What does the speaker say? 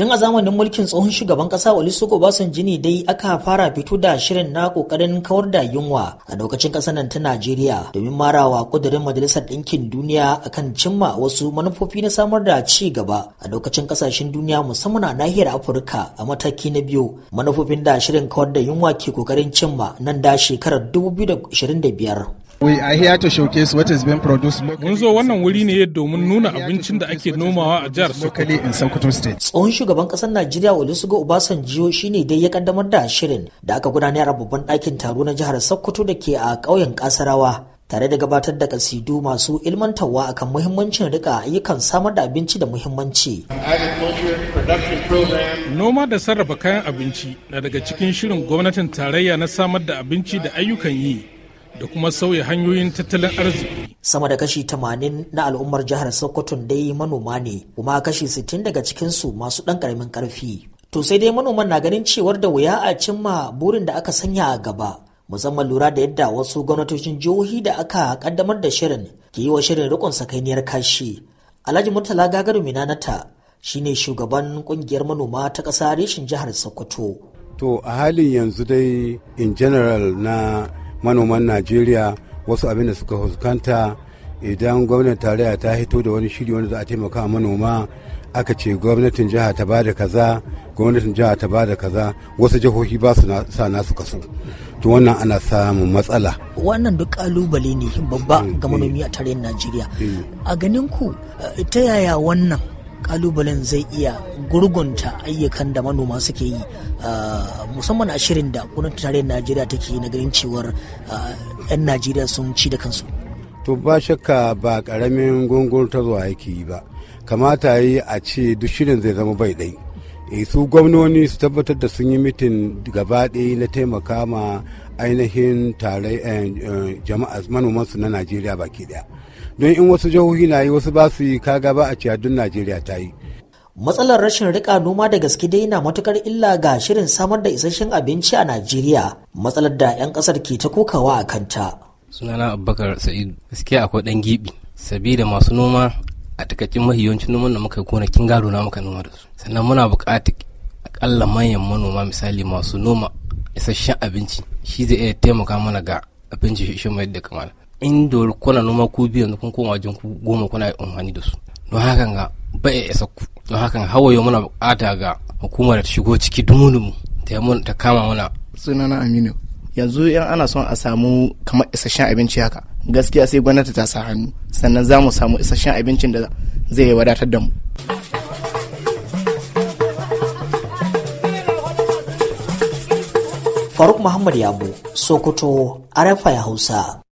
Tun a zamanin mulkin tsohon shugaban kasa Olusegun Obasanjo jini dai aka fara fito da shirin na kokarin kawar da yunwa a lokacin kasar nan ta Najeriya domin marawa ƙudirin Majalisar Ɗinkin Duniya akan cimma wasu manufofi na samar da ci gaba a lokacin kasashen duniya musamman a nahiyar Afirka a mataki na biyu manufofin da shirin kawar da yunwa ke kokarin cimma nan da shekarar 2025. We Mun zo wannan wuri ne domin nuna abincin da ake nomawa a jihar Sokoto. Tsohon shugaban kasar Najeriya Olusegun Obasanjo shine dai ya kaddamar da shirin da aka gudanar a babban ɗakin taro na jihar Sokoto da ke a ƙauyen Kasarawa. tare da gabatar da kasidu masu ilmantarwa akan muhimmancin rika ayyukan samar da abinci da muhimmanci. Noma da sarrafa kayan abinci na daga cikin shirin gwamnatin tarayya na samar da abinci da ayyukan yi da kuma sauya hanyoyin tattalin arziki. Sama da kashi 80 na al'ummar jihar Sokoto dai manoma ne, kuma kashi 60 daga cikinsu masu ɗan ƙaramin ƙarfi. To sai dai manoman na ganin cewar da wuya a cimma burin da aka sanya a gaba, musamman lura da yadda wasu gwamnatocin jihohi da aka ƙaddamar da shirin ke yi wa shirin rikon sakainiyar kashi. Alhaji Murtala Gagaru Minanata shine shugaban ƙungiyar manoma ta ƙasa reshin jihar Sokoto. To a halin yanzu dai in general na manoman najeriya wasu abin da suka fuskanta idan gwamnatin tarayya ta hito da wani shiri wanda za a taimaka manoma aka ce gwamnatin jiha ta bada kaza gwamnatin jiha ta bada kaza wasu jihohi ba su sa nasu kaso to wannan ana samun matsala wannan duk kalubale ne babba mm, ga mm. manomi a tarayyar najeriya mm. a ganin ku ta yaya wannan kalubalen zai iya gurgunta ayyukan da manoma suke yi ah, musamman a shirin da kunan tarayyar najeriya take na ganin cewar 'yan ah, najeriya sun ci da kansu to ba shakka ba karamin gungun ta zuwa yake yi ba kamata yi a ce duk shirin zai zama bai ɗai Eh, su gwamnoni su tabbatar da sun yi mitin gabaɗe na taimaka ma ainihin tare eh, eh, jama'a manoman su na najeriya baki daya don in wasu jihohi na yi wasu ba su yi kaga ba a duk najeriya ta yi matsalar rashin rika noma da gaske dai na matukar illa ga shirin samar da isasshen abinci a najeriya matsalar da 'yan kasar ke ta kokawa a kanta sunana abubakar sa'id gaskiya akwai dan gibi sabida masu noma a takaicin mafi yawancin noman da muka yi gonakin gado na muka noma da su sannan muna buƙatar akalla manyan manoma misali masu noma isasshen abinci shi zai iya taimaka mana ga abinci shi mai da kamala in dole kuna noma ku biyu yanzu kun koma wajen ku goma kuna amfani da su don hakan ga ba ya isa ku don hakan hawaye muna buƙata ga hukumar da shigo ciki dumudumu ta kama mana sunana aminu yanzu yan ana son a samu kamar isasshen abinci haka gaskiya sai gwamnati ta sa hannu sannan za mu samu isasshen abincin da zai wadatar da mu faruk muhammad yabo sokoto arafa ya hausa